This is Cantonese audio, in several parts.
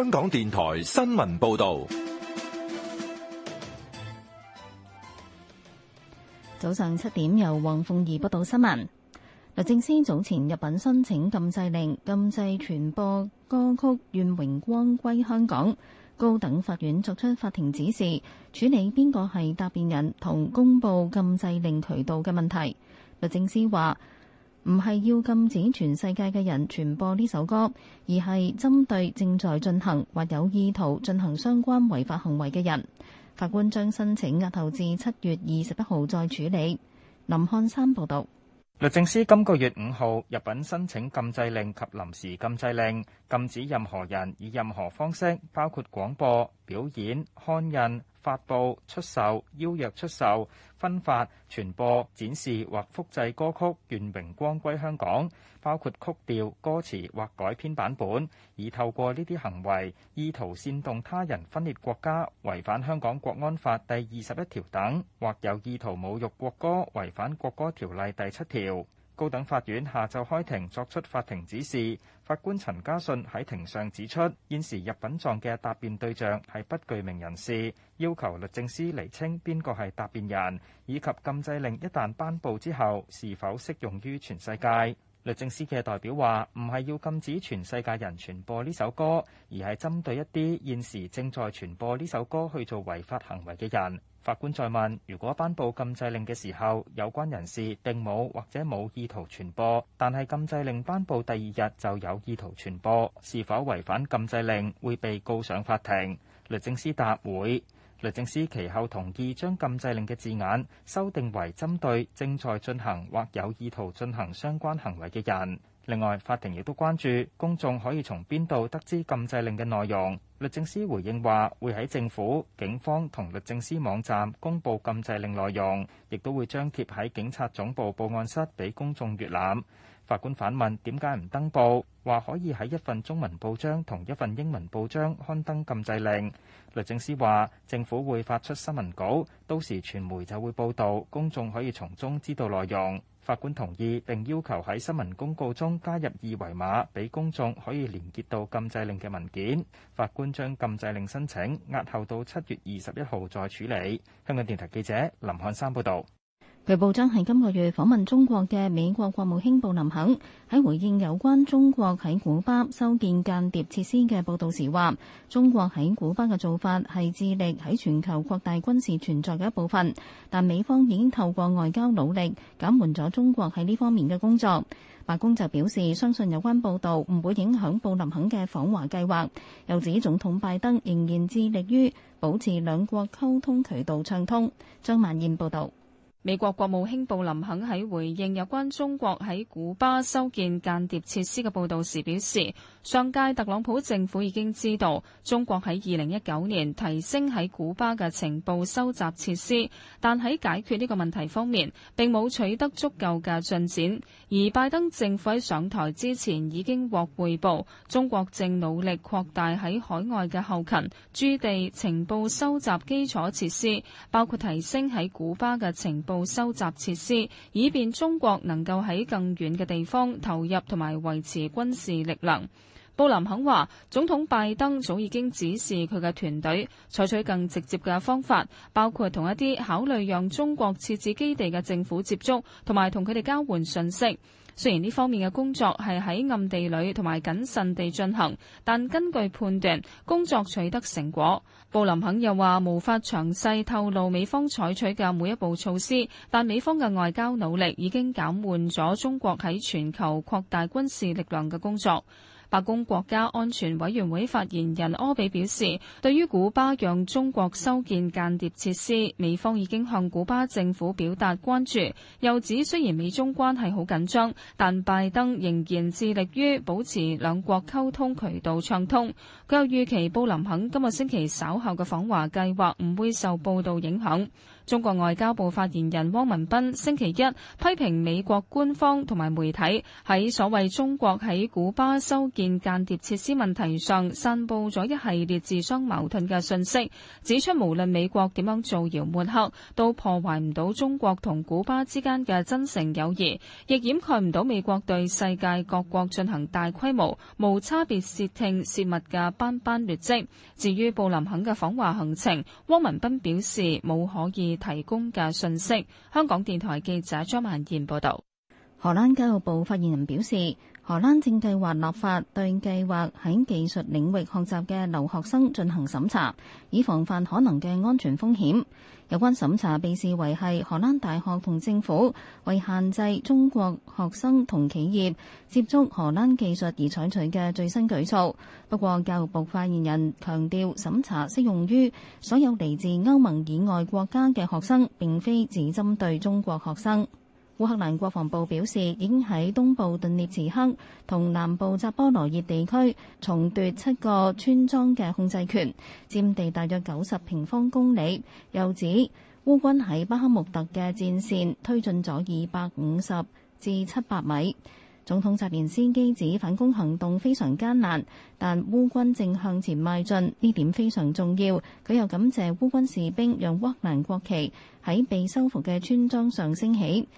香港電台新聞報道，早上七點，由黃鳳儀報道新聞。律政司早前入稟申請禁制令，禁制傳播歌曲《願榮光歸香港》。高等法院作出法庭指示，處理邊個係答辯人同公佈禁制令渠道嘅問題。律政司話，唔係要禁止全世界嘅人傳播呢首歌，而係針對正在進行或有意圖進行相關違法行為嘅人。法官將申請押後至七月二十一號再處理。林漢山報道。律政司今個月五號入稟申請禁制令及臨時禁制令，禁止任何人以任何方式，包括廣播。表演、刊印、發布、出售、邀約出售、分發、傳播、展示或複製歌曲《願榮光歸香港》，包括曲調、歌詞或改編版本，以透過呢啲行為意圖煽動他人分裂國家，違反香港國安法第二十一條等，或有意圖侮辱國歌，違反國歌條例第七條。高等法院下晝開庭，作出法庭指示。法官陳家信喺庭上指出，現時入稟狀嘅答辯對象係不具名人士，要求律政司釐清邊個係答辯人，以及禁制令一旦頒布之後，是否適用於全世界。律政司嘅代表話：唔係要禁止全世界人傳播呢首歌，而係針對一啲現時正在傳播呢首歌去做違法行為嘅人。法官再問：如果頒布禁制令嘅時候，有關人士並冇或者冇意圖傳播，但係禁制令頒布第二日就有意圖傳播，是否違反禁制令會被告上法庭？律政司答會，律政司其後同意將禁制令嘅字眼修訂為針對正在進行或有意圖進行相關行為嘅人。另外，法庭亦都關注公眾可以從邊度得知禁制令嘅內容。律政司回應話，會喺政府、警方同律政司網站公布禁制令內容，亦都會張貼喺警察總部報案室俾公眾閱覽。法官反問：點解唔登報？話可以喺一份中文報章同一份英文報章刊登禁制令。律政司話政府會發出新聞稿，到時傳媒就會報道，公眾可以從中知道內容。法官同意並要求喺新聞公告中加入二維碼，畀公眾可以連結到禁制令嘅文件。法官將禁制令申請押後到7月21號再處理。香港電台記者林漢山報道。據報章係今個月訪問中國嘅美國國務卿布林肯喺回應有關中國喺古巴修建間諜設施嘅報導時話，中國喺古巴嘅做法係致力喺全球擴大軍事存在嘅一部分，但美方已經透過外交努力減緩咗中國喺呢方面嘅工作。白宮就表示相信有關報導唔會影響布林肯嘅訪華計劃，又指總統拜登仍然致力於保持兩國溝通渠道暢通。張萬燕報道。美國國務卿布林肯喺回應有關中國喺古巴修建間諜設施嘅報道時表示，上屆特朗普政府已經知道中國喺二零一九年提升喺古巴嘅情報收集設施，但喺解決呢個問題方面，並冇取得足夠嘅進展。而拜登政府喺上台之前已經獲匯報，中國正努力擴大喺海外嘅後勤駐地情報收集基礎設施，包括提升喺古巴嘅情報。收集設施，以便中國能夠喺更遠嘅地方投入同埋維持軍事力量。布林肯話，總統拜登早已經指示佢嘅團隊採取更直接嘅方法，包括同一啲考慮讓中國設置基地嘅政府接觸，同埋同佢哋交換信息。雖然呢方面嘅工作係喺暗地裏同埋謹慎地進行，但根據判斷，工作取得成果。布林肯又話，無法詳細透露美方採取嘅每一步措施，但美方嘅外交努力已經減緩咗中國喺全球擴大軍事力量嘅工作。白宮國家安全委員會發言人柯比表示，對於古巴讓中國修建間諜設施，美方已經向古巴政府表達關注。又指雖然美中關係好緊張，但拜登仍然致力於保持兩國溝通渠道暢通。佢又預期布林肯今個星期稍後嘅訪華計劃唔會受報道影響。中國外交部發言人汪文斌星期一批評美國官方同埋媒體喺所謂中國喺古巴修見間諜設施問題上散布咗一系列自相矛盾嘅信息，指出無論美國點樣造謠抹黑，都破壞唔到中國同古巴之間嘅真誠友誼，亦掩蓋唔到美國對世界各國進行大規模、無差別竊聽竊密嘅斑斑劣跡。至於布林肯嘅訪華行程，汪文斌表示冇可以提供嘅信息。香港電台記者張萬賢報道。荷蘭教育部發言人表示。荷蘭正計劃立法對計劃喺技術領域學習嘅留學生進行審查，以防範可能嘅安全風險。有關審查被視為係荷蘭大學同政府為限制中國學生同企業接觸荷蘭技術而採取嘅最新舉措。不過，教育部發言人強調，審查適用於所有嚟自歐盟以外國家嘅學生，並非只針對中國學生。烏克蘭國防部表示，已經喺東部頓涅茨克同南部扎波羅熱地區重奪七個村莊嘅控制權，佔地大約九十平方公里。又指烏軍喺巴克穆特嘅戰線推進咗二百五十至七百米。總統澤連斯基指反攻行動非常艱難，但烏軍正向前邁進，呢點非常重要。佢又感謝烏軍士兵讓烏克蘭國旗喺被收復嘅村莊上升起。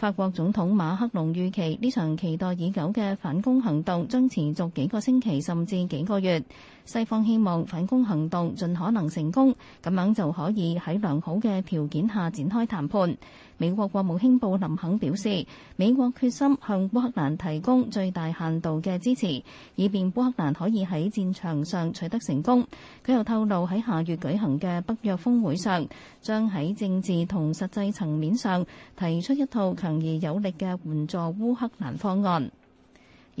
法國總統馬克龍預期，呢場期待已久嘅反攻行動將持續幾個星期甚至幾個月。西方希望反攻行動盡可能成功，咁樣就可以喺良好嘅條件下展開談判。美國國務卿布林肯表示，美國決心向烏克蘭提供最大限度嘅支持，以便烏克蘭可以喺戰場上取得成功。佢又透露，喺下月舉行嘅北約峰會上，將喺政治同實際層面上提出一套強而有力嘅援助烏克蘭方案。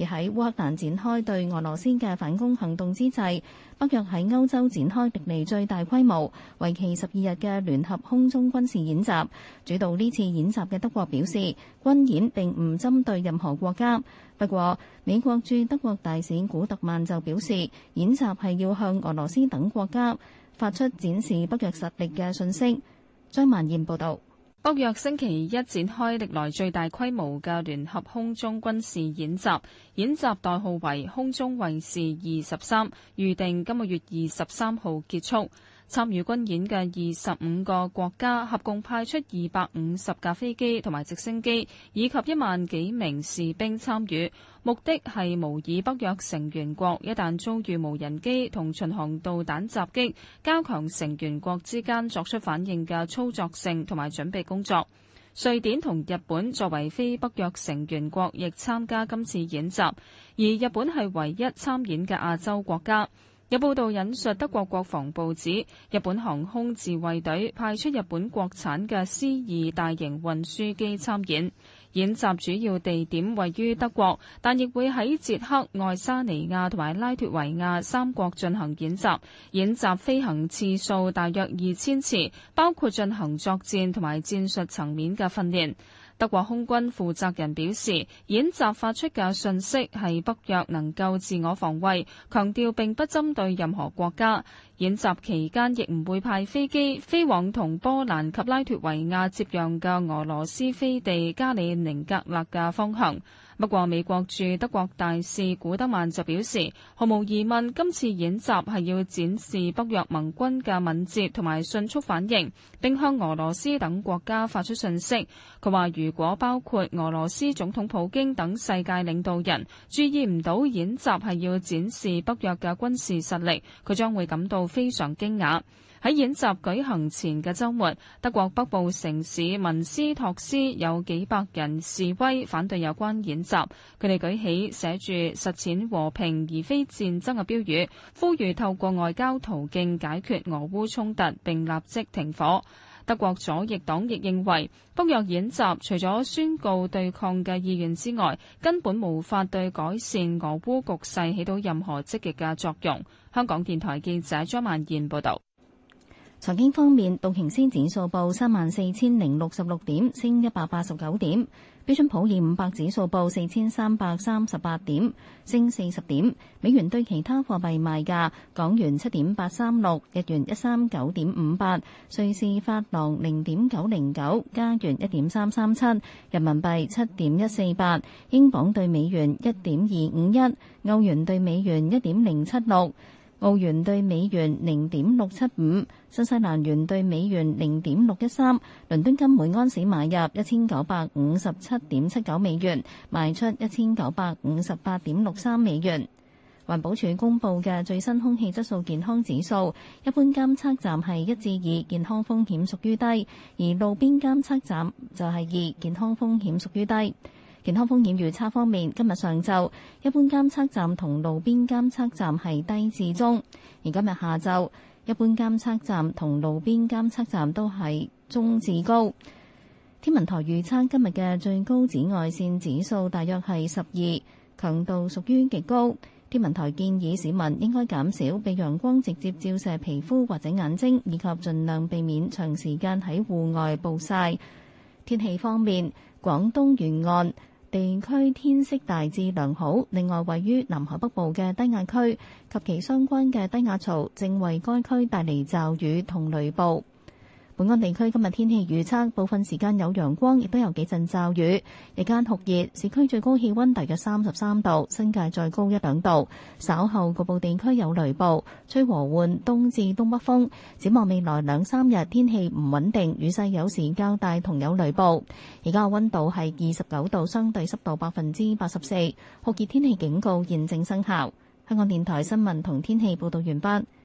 而喺烏克蘭展開對俄羅斯嘅反攻行動之際，北約喺歐洲展開歷來最大規模、為期十二日嘅聯合空中軍事演習。主導呢次演習嘅德國表示，軍演並唔針對任何國家。不過，美國駐德國大使古特曼就表示，演習係要向俄羅斯等國家發出展示北約實力嘅信息。張曼燕報道。北約星期一展開歷來最大規模嘅聯合空中軍事演習，演習代號為空中衛士二十三，預定今個月二十三號結束。參與軍演嘅二十五個國家合共派出二百五十架飛機同埋直升機，以及一萬幾名士兵參與。目的係模擬北約成員國一旦遭遇無人機同巡航導彈襲擊，加強成員國之間作出反應嘅操作性同埋準備工作。瑞典同日本作為非北約成員國，亦參加今次演習，而日本係唯一參演嘅亞洲國家。有報道引述德國國防報紙，日本航空自衛隊派出日本國產嘅 C 二大型運輸機參演。演習主要地點位於德國，但亦會喺捷克、愛沙尼亞同埋拉脫維亞三國進行演習。演習飛行次數大約二千次，包括進行作戰同埋戰術層面嘅訓練。德國空軍負責人表示，演習發出嘅信息係北約能夠自我防衛，強調並不針對任何國家。演習期間亦唔會派飛機飛往同波蘭及拉脫維亞接壤嘅俄羅斯飛地加里寧格勒嘅方向。不過美國駐德國大使古德曼就表示，毫無疑問今次演習係要展示北約盟軍嘅敏捷同埋迅速反應，並向俄羅斯等國家發出訊息。佢話：如果包括俄羅斯總統普京等世界領導人注意唔到演習係要展示北約嘅軍事實力，佢將會感到非常驚訝。喺演習舉行前嘅週末，德國北部城市文斯托斯有幾百人示威，反對有關演習。佢哋舉起寫住「實踐和平而非戰爭」嘅標語，呼籲透過外交途徑解決俄烏衝突，並立即停火。德國左翼黨亦認為，北約演習除咗宣告對抗嘅意願之外，根本無法對改善俄烏局勢起到任何積極嘅作用。香港電台記者張曼燕報道。財經方面，道瓊斯指數報三萬四千零六十六點，升一百八十九點。標準普爾五百指數報四千三百三十八點，升四十點。美元對其他貨幣賣價：港元七點八三六，日元一三九點五八，瑞士法郎零點九零九，加元一點三三七，人民幣七點一四八，英鎊兌美元一點二五一，歐元兌美元一點零七六。澳元兌美元零點六七五，新西蘭元兌美元零點六一三，倫敦金每安士買入一千九百五十七點七九美元，賣出一千九百五十八點六三美元。環保署公布嘅最新空氣質素健康指數，一般監測站係一至二，健康風險屬於低；而路邊監測站就係二，健康風險屬於低。健康風險預測方面，今日上晝一般監測站同路邊監測站係低至中，而今日下晝一般監測站同路邊監測站都係中至高。天文台預測今日嘅最高紫外線指數大約係十二，強度屬於極高。天文台建議市民應該減少被陽光直接照射皮膚或者眼睛，以及盡量避免長時間喺戶外暴曬。天氣方面，廣東沿岸。地區天色大致良好，另外位於南海北部嘅低壓區及其相關嘅低壓槽，正為該區帶嚟驟雨同雷暴。本港地區今日天氣預測部分時間有陽光，亦都有幾陣驟雨，日間酷熱市區最高氣温大約三十三度，新界再高一兩度。稍後局部地區有雷暴，吹和緩東至東北風，展望未來兩三日天氣唔穩定，雨勢有時較大，同有雷暴。而家嘅温度係二十九度，相對濕度百分之八十四，酷熱天氣警告現正生效。香港電台新聞同天氣報道完畢。